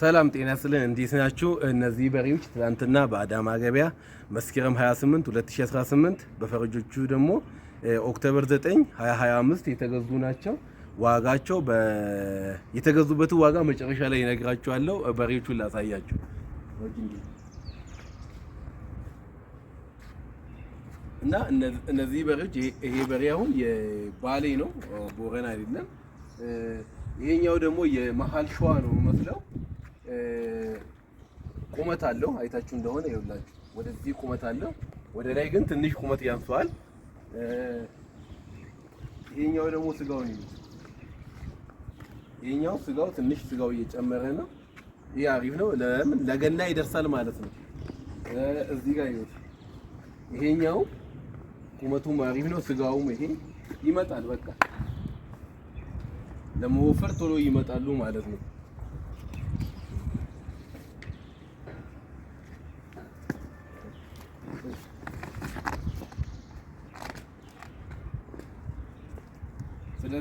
ሰላም ጤና ስልን እንዴት ናችሁ? እነዚህ በሬዎች ትናንትና በአዳማ ገበያ መስከረም 28 2018 በፈረጆቹ ደግሞ ኦክቶበር 9 2025 የተገዙ ናቸው። ዋጋቸው የተገዙበትን ዋጋ መጨረሻ ላይ ይነግራችኋለሁ። በሬዎቹን ላሳያችሁ። እና እነዚህ በሬዎች ይሄ በሬ አሁን የባሌ ነው፣ ቦረን አይደለም። ይሄኛው ደግሞ የመሀል ሸዋ ነው መስለው ቁመት አለው። አይታችሁ እንደሆነ ይኸውላችሁ ወደዚህ ቁመት አለው፣ ወደ ላይ ግን ትንሽ ቁመት ያንሰዋል። ይሄኛው ደግሞ ስጋውን ነው። ይሄኛው ስጋው ትንሽ ስጋው እየጨመረ ነው። ይሄ አሪፍ ነው። ለምን ለገና ይደርሳል ማለት ነው። እዚህ ጋር ይወጥ ይሄኛው ቁመቱም አሪፍ ነው። ስጋውም ይሄ ይመጣል። በቃ ለመወፈር ቶሎ ይመጣሉ ማለት ነው።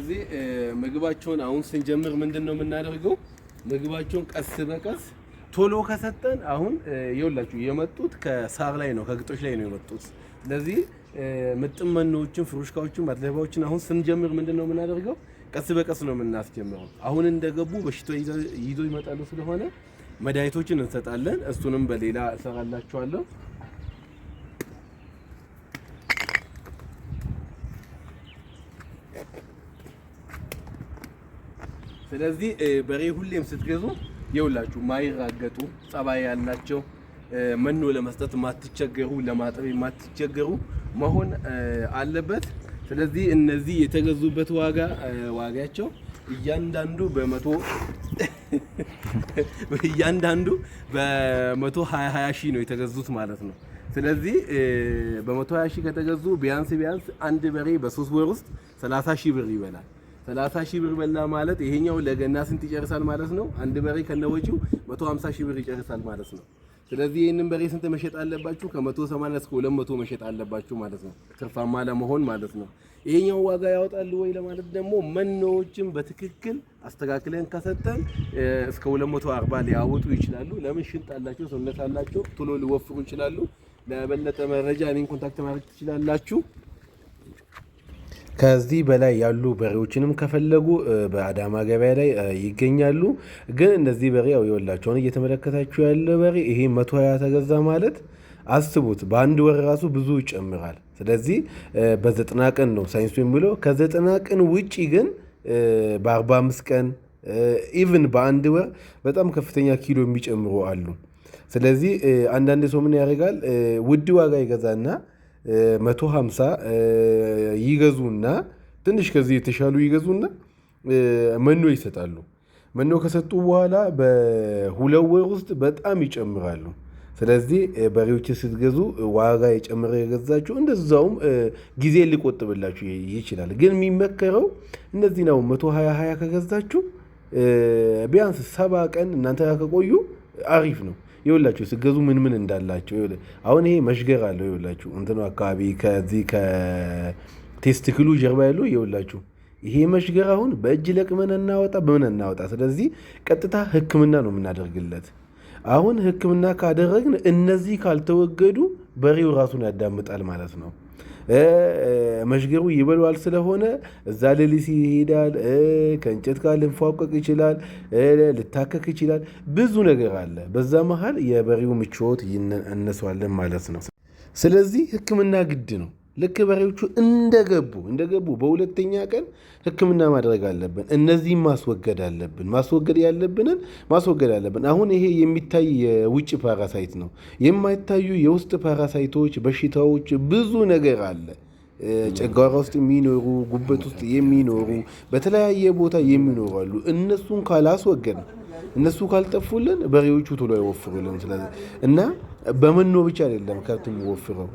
ስለዚህ ምግባቸውን አሁን ስንጀምር ምንድን ነው የምናደርገው? ምግባቸውን ቀስ በቀስ ቶሎ ከሰጠን አሁን ይኸውላችሁ የመጡት ከሳር ላይ ነው ከግጦሽ ላይ ነው የመጡት። ስለዚህ ምጥን መኖዎችን፣ ፍሩሽካዎችን፣ ማድለባዎችን አሁን ስንጀምር ምንድን ነው የምናደርገው? ቀስ በቀስ ነው የምናስጀምረው። አሁን እንደገቡ በሽታ ይዞ ይመጣሉ። ስለሆነ መድኃኒቶችን እንሰጣለን። እሱንም በሌላ እሰራላችኋለሁ። ስለዚህ በሬ ሁሌም ስትገዙ የውላችሁ ማይራገጡ ጸባይ ያላቸው መኖ ለመስጠት ማትቸገሩ ለማጠብ ማትቸገሩ መሆን አለበት። ስለዚህ እነዚህ የተገዙበት ዋጋ ዋጋቸው እያንዳንዱ በመቶ እያንዳንዱ በመቶ ሀያ ሀያ ሺህ ነው የተገዙት ማለት ነው። ስለዚህ በመቶ ሀያ ሺህ ከተገዙ ቢያንስ ቢያንስ አንድ በሬ በሶስት ወር ውስጥ ሰላሳ ሺህ ብር ይበላል። 30 ሺህ ብር በላ ማለት ይሄኛው ለገና ስንት ይጨርሳል ማለት ነው? አንድ በሬ ከነወጪው 150 ሺህ ብር ይጨርሳል ማለት ነው። ስለዚህ ይህንን በሬ ስንት መሸጥ አለባችሁ? ከ180 እስከ 200 መሸጥ አለባችሁ ማለት ነው፣ ትርፋማ ለመሆን ማለት ነው። ይሄኛው ዋጋ ያወጣል ወይ ለማለት ደግሞ መኖዎችን በትክክል አስተካክለን ከሰጠን እስከ 240 ሊያወጡ ይችላሉ። ለምን ሽንጥ አላቸው፣ ሰውነት አላቸው፣ ቶሎ ሊወፍሩ ይችላሉ። ለበለጠ መረጃ እኔን ኮንታክት ማድረግ ትችላላችሁ። ከዚህ በላይ ያሉ በሬዎችንም ከፈለጉ በአዳማ ገበያ ላይ ይገኛሉ። ግን እነዚህ በሬ ያው የወላቸውን እየተመለከታችሁ ያለ በሬ ይሄ መቶ ሀያ ተገዛ ማለት አስቡት፣ በአንድ ወር ራሱ ብዙ ይጨምራል። ስለዚህ በዘጠና ቀን ነው ሳይንሱ የሚለው። ከዘጠና ቀን ውጪ ግን በአርባ አምስት ቀን ኢቭን በአንድ ወር በጣም ከፍተኛ ኪሎ የሚጨምሩ አሉ። ስለዚህ አንዳንድ ሰው ምን ያደርጋል ውድ ዋጋ ይገዛና 150 ይገዙና ትንሽ ከዚህ የተሻሉ ይገዙና መኖ ይሰጣሉ። መኖ ከሰጡ በኋላ በሁለት ወር ውስጥ በጣም ይጨምራሉ። ስለዚህ በሬዎች ስትገዙ ዋጋ የጨመረ የገዛችሁ እንደዛውም ጊዜ ሊቆጥብላችሁ ይችላል። ግን የሚመከረው እነዚህ ነው። መቶ ሀያ ሀያ ከገዛችሁ ቢያንስ ሰባ ቀን እናንተ ከቆዩ አሪፍ ነው። ይኸውላችሁ ስገዙ ምን ምን እንዳላቸው አሁን ይሄ መሽገር አለው። ይኸውላችሁ እንትኑ አካባቢ ከዚህ ከቴስቲክሉ ጀርባ ያለው ይኸውላችሁ ይሄ መሽገር አሁን በእጅ ለቅመን እናወጣ በምን እናወጣ። ስለዚህ ቀጥታ ህክምና ነው የምናደርግለት። አሁን ህክምና ካደረግን እነዚህ ካልተወገዱ በሬው ራሱን ያዳምጣል ማለት ነው። መሽገሩ ይበሏል ስለሆነ እዛ ሌሊት ይሄዳል። ከእንጨት ጋር ልንፏቀቅ ይችላል፣ ልታከክ ይችላል። ብዙ ነገር አለ። በዛ መሀል የበሬው ምቾት እነሷለን ማለት ነው። ስለዚህ ሕክምና ግድ ነው። ልክ በሬዎቹ እንደገቡ እንደገቡ በሁለተኛ ቀን ሕክምና ማድረግ አለብን። እነዚህም ማስወገድ አለብን። ማስወገድ ያለብንን ማስወገድ አለብን። አሁን ይሄ የሚታይ የውጭ ፓራሳይት ነው። የማይታዩ የውስጥ ፓራሳይቶች፣ በሽታዎች ብዙ ነገር አለ። ጨጓራ ውስጥ የሚኖሩ ጉበት ውስጥ የሚኖሩ በተለያየ ቦታ የሚኖሩ አሉ። እነሱን ካላስወገድ እነሱ ካልጠፉልን በሬዎቹ ቶሎ አይወፍሩልን እና በመኖ ብቻ አይደለም ከብት የሚወፍረው።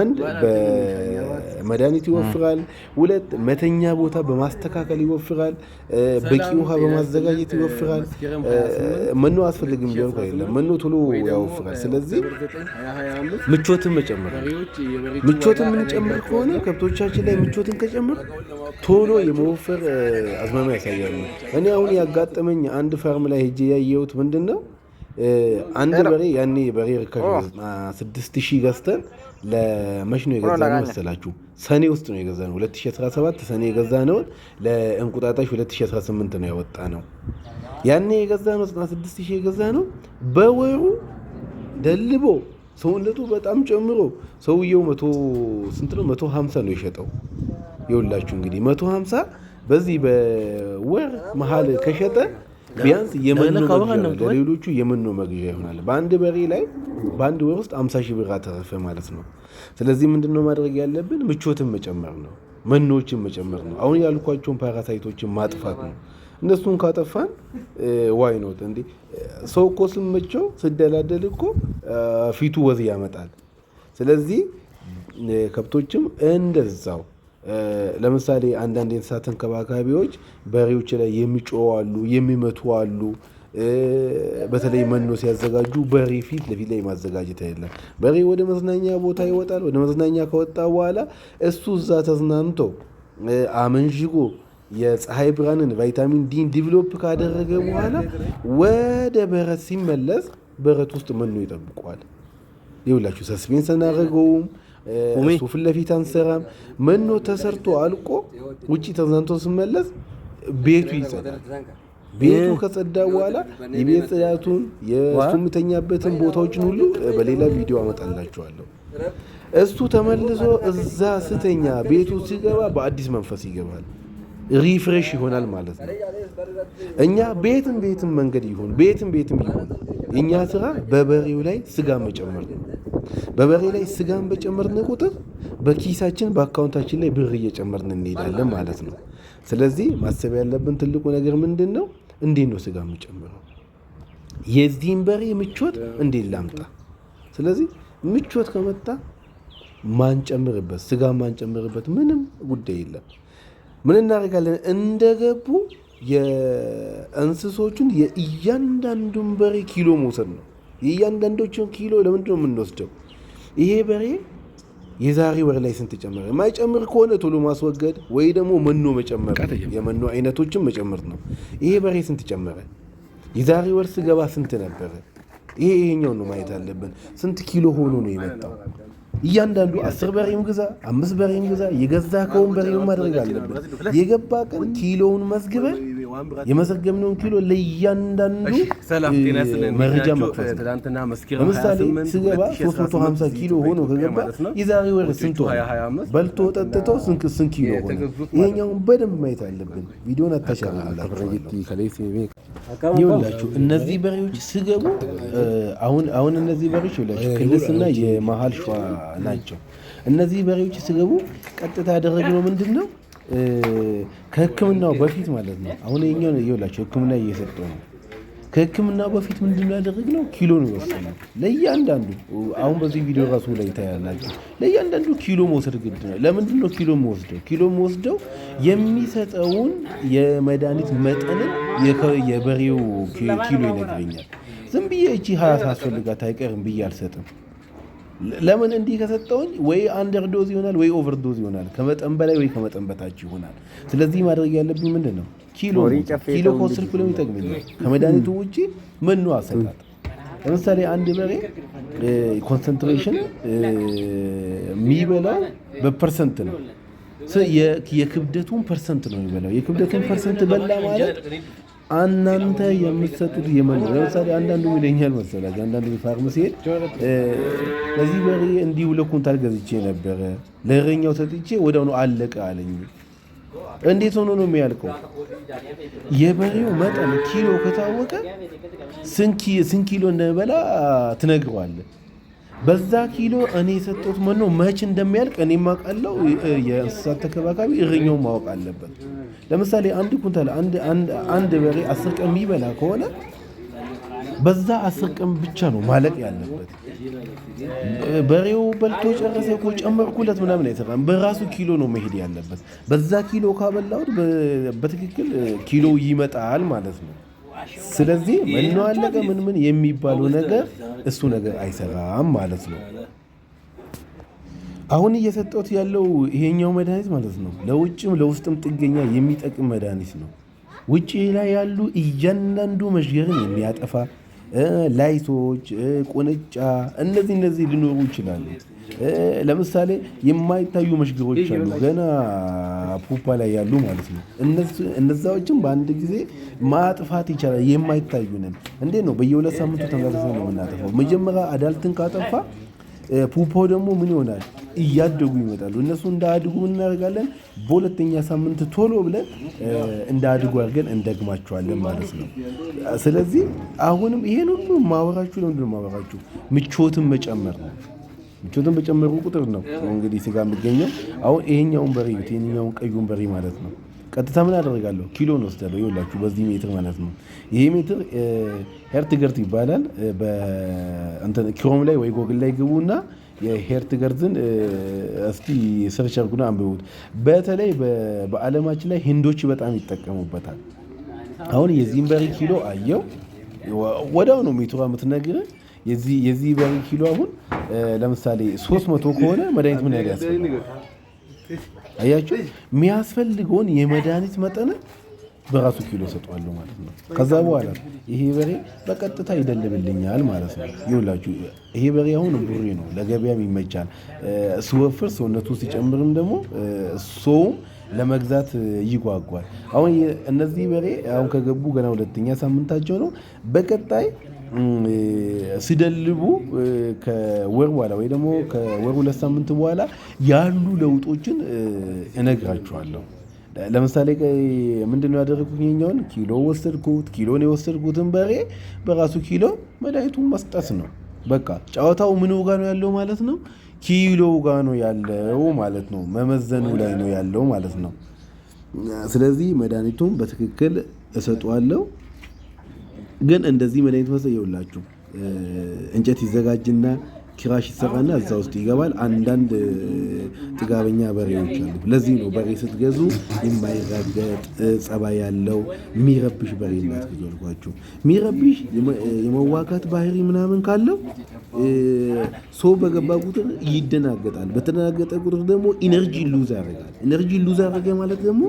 አንድ በመድኃኒት ይወፍራል፣ ሁለት መተኛ ቦታ በማስተካከል ይወፍራል፣ በቂ ውሃ በማዘጋጀት ይወፍራል። መኖ አስፈልግም ቢሆን አይደለም መኖ ቶሎ ያወፍራል። ስለዚህ ምቾትን መጨመር ምቾትን የምንጨምር ከሆነ ከብቶቻችን ላይ ምቾትን ከጨምር ቶሎ የመወፈር አዝማሚያ ያሳያሉ። እኔ አሁን ያጋጠመኝ አንድ ፋርም ላይ ሄጄ ያየሁት ምንድን ነው አንድ በሬ ያኔ በሬ ርካሽ ስድስት ሺህ ገዝተን ለመሽኖ ነው መሰላችሁ ሰኔ ውስጥ ነው ነው 2017 ሰኔ የገዛ ነው ለእንቁጣጣሽ 2018 ነው ያወጣነው። ያኔ የገዛ የገዛነው ስድስት ሺህ ነው በወሩ ደልቦ ሰውነቱ በጣም ጨምሮ ሰውየው መቶ ስንት ነው? መቶ ሀምሳ ነው የሸጠው። የውላችሁ እንግዲህ መቶ ሀምሳ በዚህ በወር መሀል ከሸጠ ቢያንስ የመኖ ካባካና ለሌሎቹ የመኖ መግዣ ይሆናል። በአንድ በሬ ላይ በአንድ ወር ውስጥ አምሳ ሺህ ብር አተረፈ ማለት ነው። ስለዚህ ምንድነው ማድረግ ያለብን? ምቾትን መጨመር ነው፣ መኖዎችን መጨመር ነው፣ አሁን ያልኳቸውን ፓራሳይቶችን ማጥፋት ነው። እነሱን ካጠፋን ዋይ ኖት እንዴ! ሰው እኮ ስመቸው ስደላደል እኮ ፊቱ ወዝ ያመጣል። ስለዚህ ከብቶችም እንደዛው ለምሳሌ አንዳንድ የእንስሳት ተንከባካቢዎች በሬዎች ላይ የሚጮዋሉ የሚመቱ አሉ። በተለይ መኖ ሲያዘጋጁ በሬ ፊት ለፊት ላይ ማዘጋጀት አይደለም። በሬ ወደ መዝናኛ ቦታ ይወጣል። ወደ መዝናኛ ከወጣ በኋላ እሱ እዛ ተዝናንቶ አመንዥጎ የፀሐይ ብርሃንን ቫይታሚን ዲን ዲቨሎፕ ካደረገ በኋላ ወደ በረት ሲመለስ በረት ውስጥ መኖ ይጠብቋል። ይውላችሁ ሰስፔንስ እናደርገውም እሱ ፊት ለፊት አንሰራም። መኖ ተሰርቶ አልቆ ውጭ ተዘንቶ ስመለስ ቤቱ ይጸዳል። ቤቱ ከጸዳ በኋላ የቤት ጽዳቱን የሱምተኛበትን ቦታዎችን ሁሉ በሌላ ቪዲዮ አመጣላችኋለሁ። እሱ ተመልሶ እዛ ስተኛ ቤቱ ሲገባ በአዲስ መንፈስ ይገባል። ሪፍሬሽ ይሆናል ማለት ነው። እኛ ቤትም ቤትም መንገድ ይሁን ቤትም ቤትም ይሁን እኛ ስራ በበሬው ላይ ስጋ መጨመር ነው። በበሬ ላይ ስጋን በጨመርን ቁጥር በኪሳችን በአካውንታችን ላይ ብር እየጨመርን እንሄዳለን ማለት ነው። ስለዚህ ማሰብ ያለብን ትልቁ ነገር ምንድን ነው? እንዴት ነው ስጋ የምጨምረው? የዚህን በሬ ምቾት እንዴት ላምጣ? ስለዚህ ምቾት ከመጣ ማንጨምርበት ስጋ ማንጨምርበት ምንም ጉዳይ የለም። ምን እናደርጋለን? እንደገቡ የእንስሶቹን የእያንዳንዱን በሬ ኪሎ መውሰድ ነው። የእያንዳንዶቹን ኪሎ ለምንድን ነው የምንወስደው? ይሄ በሬ የዛሬ ወር ላይ ስንት ጨመረ? የማይጨምር ከሆነ ቶሎ ማስወገድ ወይ ደግሞ መኖ መጨመር፣ የመኖ አይነቶችን መጨመር ነው። ይሄ በሬ ስንት ጨመረ? የዛሬ ወር ስገባ ስንት ነበረ? ይሄ ይሄኛው ነው ማየት አለብን። ስንት ኪሎ ሆኖ ነው የመጣው? እያንዳንዱ አስር በሬም ግዛ አምስት በሬም ግዛ ከውን በሬም ማድረግ አለበት። የገባ ቀን ኪሎውን መዝግበን የመዘገብነውን ኪሎ ለእያንዳንዱ መረጃ መክፈት ለምሳሌ ስገባ 350 ኪሎ ሆኖ ከገባ የዛሬ ወር ስንት በልቶ ጠጥቶ ስንት ኪሎ ሆነ? ይሄኛውን በደንብ ማየት አለብን። ቪዲዮን አታሻላላችሁ። እነዚህ በሬዎች ስገቡ አሁን እነዚህ በሬዎች ይላችሁ ክልስና የመሀል ሸዋ ናቸው። እነዚህ በሬዎች ስገቡ ቀጥታ ያደረግነው ምንድን ነው ከህክምናው በፊት ማለት ነው። አሁን የኛው ነው ይኸውላችሁ ህክምና እየሰጠው ነው። ከህክምና በፊት ምንድን ያደረግ ነው? ኪሎ ነው የወሰነው ለእያንዳንዱ። አሁን በዚህ ቪዲዮ ራሱ ላይ ታያላችሁ። ለእያንዳንዱ ኪሎ መውሰድ ግድ ነው። ለምንድን ነው ኪሎ መወስደው? ኪሎ መወስደው የሚሰጠውን የመድኃኒት መጠንን የበሬው ኪሎ ይነግረኛል። ዝም ብዬ እቺ ሀያ ሳስፈልጋት አይቀርም ብዬ አልሰጥም ለምን እንዲህ ከሰጠውኝ ወይ አንደር ዶዝ ይሆናል ወይ ኦቨር ዶዝ ይሆናል፣ ከመጠን በላይ ወይ ከመጠን በታች ይሆናል። ስለዚህ ማድረግ ያለብኝ ምንድን ነው? ኪሎ ኪሎ ከወሰድኩ ለምን ይጠቅመኛል? ከመድኃኒቱ ውጭ መኖ አሰጣጥ። ለምሳሌ አንድ በሬ ኮንሰንትሬሽን የሚበላው በፐርሰንት ነው። የክብደቱን ፐርሰንት ነው የሚበላው። የክብደቱን ፐርሰንት በላ ማለት እናንተ የምትሰጡት የመን ለምሳሌ አንዳንዱ ይለኛል መሰላችሁ፣ አንዳንዱ ፋርም ሲሄድ ለዚህ በሬ እንዲሁ ለኩንታል ገዝቼ ነበረ ለእረኛው ሰጥቼ ወዲያውኑ አለቀ አለኝ። እንዴት ሆኖ ነው የሚያልቀው? የበሬው መጠን ኪሎ ከታወቀ ስንት ኪሎ እንደበላ ትነግረዋለህ። በዛ ኪሎ እኔ የሰጠሁት መኖ መች እንደሚያልቅ እኔ ማውቃለው የእንስሳት ተከባካቢ እረኛው ማወቅ አለበት። ለምሳሌ አንድ ኩንታል አንድ በሬ አስር ቀን የሚበላ ከሆነ በዛ አስር ቀን ብቻ ነው ማለቅ ያለበት። በሬው በልቶ ጨረሰ እኮ ጨመርኩለት ምናምን አይሰራም። በራሱ ኪሎ ነው መሄድ ያለበት። በዛ ኪሎ ካበላሁት በትክክል ኪሎ ይመጣል ማለት ነው። ስለዚህ ምን አለቀ ምን ምን የሚባለው ነገር እሱ ነገር አይሰራም ማለት ነው። አሁን እየሰጠሁት ያለው ይሄኛው መድኃኒት ማለት ነው ለውጭም ለውስጥም ጥገኛ የሚጠቅም መድኃኒት ነው። ውጭ ላይ ያሉ እያንዳንዱ መዥገርን የሚያጠፋ ላይቶች፣ ቆነጫ እነዚህ እነዚህ ሊኖሩ ይችላሉ። ለምሳሌ የማይታዩ መሽገሮች አሉ፣ ገና ፑፓ ላይ ያሉ ማለት ነው። እነዛዎችም በአንድ ጊዜ ማጥፋት ይቻላል። የማይታዩንን እንዴ ነው? በየሁለት ሳምንቱ ተንቀሳቀሰ ነው የምናጠፋው። መጀመሪያ አዳልትን ካጠፋ ፑፓው ደግሞ ምን ይሆናል? እያደጉ ይመጣሉ። እነሱ እንዳያድጉ እናደርጋለን። በሁለተኛ ሳምንት ቶሎ ብለን እንዳያድጉ አድርገን እንደግማቸዋለን ማለት ነው። ስለዚህ አሁንም ይሄን ሁሉ ማወራችሁ ለምንድን ማወራችሁ? ምቾትን መጨመር ነው። ምቾትን በጨመሩ ቁጥር ነው እንግዲህ ስጋ የሚገኘው። አሁን ይሄኛውን በሬ ይሄኛውን ቀዩን በሬ ማለት ነው ቀጥታ ምን አደርጋለሁ? ኪሎን ወስዳለሁ። ይኸውላችሁ በዚህ ሜትር ማለት ነው። ይሄ ሜትር ሄርትገርት ይባላል። በእንትን ክሮም ላይ ወይ ጎግል ላይ ግቡ ግቡና የሄርትገርዝን እስቲ ሰርቻርጉና አንብቡት። በተለይ በዓለማችን ላይ ህንዶች በጣም ይጠቀሙበታል። አሁን የዚህን በሪ ኪሎ አየው ወዲያው ነው ሜትሯ የምትነግር። የዚህ በሪ ኪሎ አሁን ለምሳሌ 300 ከሆነ መድኃኒት ምን ያህል ያስፈልጋል? አያችሁ የሚያስፈልገውን የመድኃኒት መጠን በራሱ ኪሎ ሰጠዋለሁ ማለት ነው። ከዛ በኋላ ይሄ በሬ በቀጥታ ይደልብልኛል ማለት ነው። ይውላችሁ ይሄ በሬ አሁን ቡሬ ነው፣ ለገበያም ይመቻል። ሲወፍር ሰውነቱ ሲጨምርም ደግሞ ሰውም ለመግዛት ይጓጓል። አሁን እነዚህ በሬ አሁን ከገቡ ገና ሁለተኛ ሳምንታቸው ነው። በቀጣይ ሲደልቡ ከወር በኋላ ወይ ደግሞ ከወር ሁለት ሳምንት በኋላ ያሉ ለውጦችን እነግራችኋለሁ። ለምሳሌ ምንድነው ያደረግኩት? ይኸኛውን ኪሎ ወሰድኩት። ኪሎን የወሰድኩትን በሬ በራሱ ኪሎ መድኃኒቱን መስጠት ነው። በቃ ጨዋታው ምን ጋ ነው ያለው ማለት ነው? ኪሎ ጋ ነው ያለው ማለት ነው። መመዘኑ ላይ ነው ያለው ማለት ነው። ስለዚህ መድኃኒቱን በትክክል እሰጠዋለሁ። ግን እንደዚህ መድኃኒት መሰየውላችሁ እንጨት ይዘጋጅና ኪራሽ ይሰራና እዛ ውስጥ ይገባል። አንዳንድ ጥጋበኛ በሬዎች አሉ። ለዚህ ነው በሬ ስትገዙ የማይረገጥ ጸባይ ያለው የሚረብሽ በሬ እንዳትገዙ አልኳችሁ። የሚረብሽ የመዋጋት ባህሪ ምናምን ካለው ሰው በገባ ቁጥር ይደናገጣል። በተደናገጠ ቁጥር ደግሞ ኢነርጂ ሉዝ ያደርጋል። ኢነርጂ ሉዝ ያደረገ ማለት ደግሞ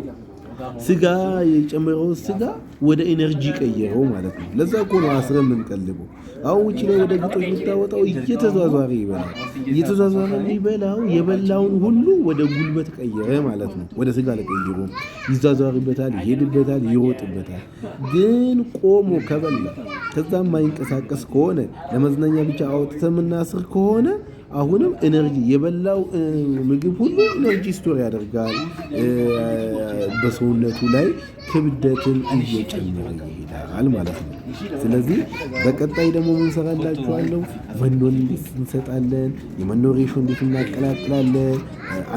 ስጋ የጨመረው ስጋ ወደ ኤነርጂ ቀየረው ማለት ነው። ለዛ እኮ ነው አስረ የምንቀልበው። አሁን ውጭ ላይ ወደ ግጦች የምታወጣው እየተዟዟሪ ይበላል። እየተዟዟሪ ይበላው የበላውን ሁሉ ወደ ጉልበት ቀየረ ማለት ነው። ወደ ስጋ ለቀይሮ ይዟዟሪበታል፣ ይሄድበታል፣ ይሮጥበታል። ግን ቆሞ ከበላ ከዛም ማይንቀሳቀስ ከሆነ ለመዝናኛ ብቻ አውጥተ የምናስር ከሆነ አሁንም ኤነርጂ የበላው ምግብ ሁሉ ኤነርጂ ስቶር ያደርጋል። በሰውነቱ ላይ ክብደትን እየጨመረ ይሄዳል ማለት ነው። ስለዚህ በቀጣይ ደግሞ ምን መኖን እንዴት እንሰጣለን? የመኖ ሬሾ እንዴት እናቀላቅላለን?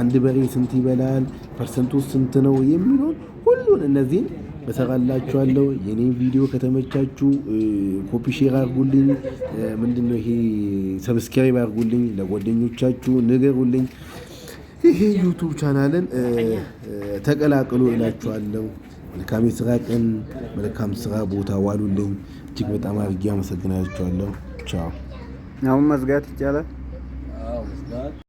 አንድ በሬ ስንት ይበላል? ፐርሰንቱ ስንት ነው የሚለውን ሁሉን እነዚህን እሰራላችኋለሁ። የኔ ቪዲዮ ከተመቻችሁ ኮፒ ሼር አድርጉልኝ። ምንድነው ይሄ ሰብስክራይብ አርጉልኝ ለጓደኞቻችሁ ንገሩልኝ። ይሄ ዩቱብ ቻናልን ተቀላቅሎ እላችኋለሁ። መልካም የስራ ቀን፣ መልካም ስራ ቦታ ዋሉልኝ። እጅግ በጣም አድርጌ አመሰግናችኋለሁ። ቻው። አሁን መዝጋት ይቻላል።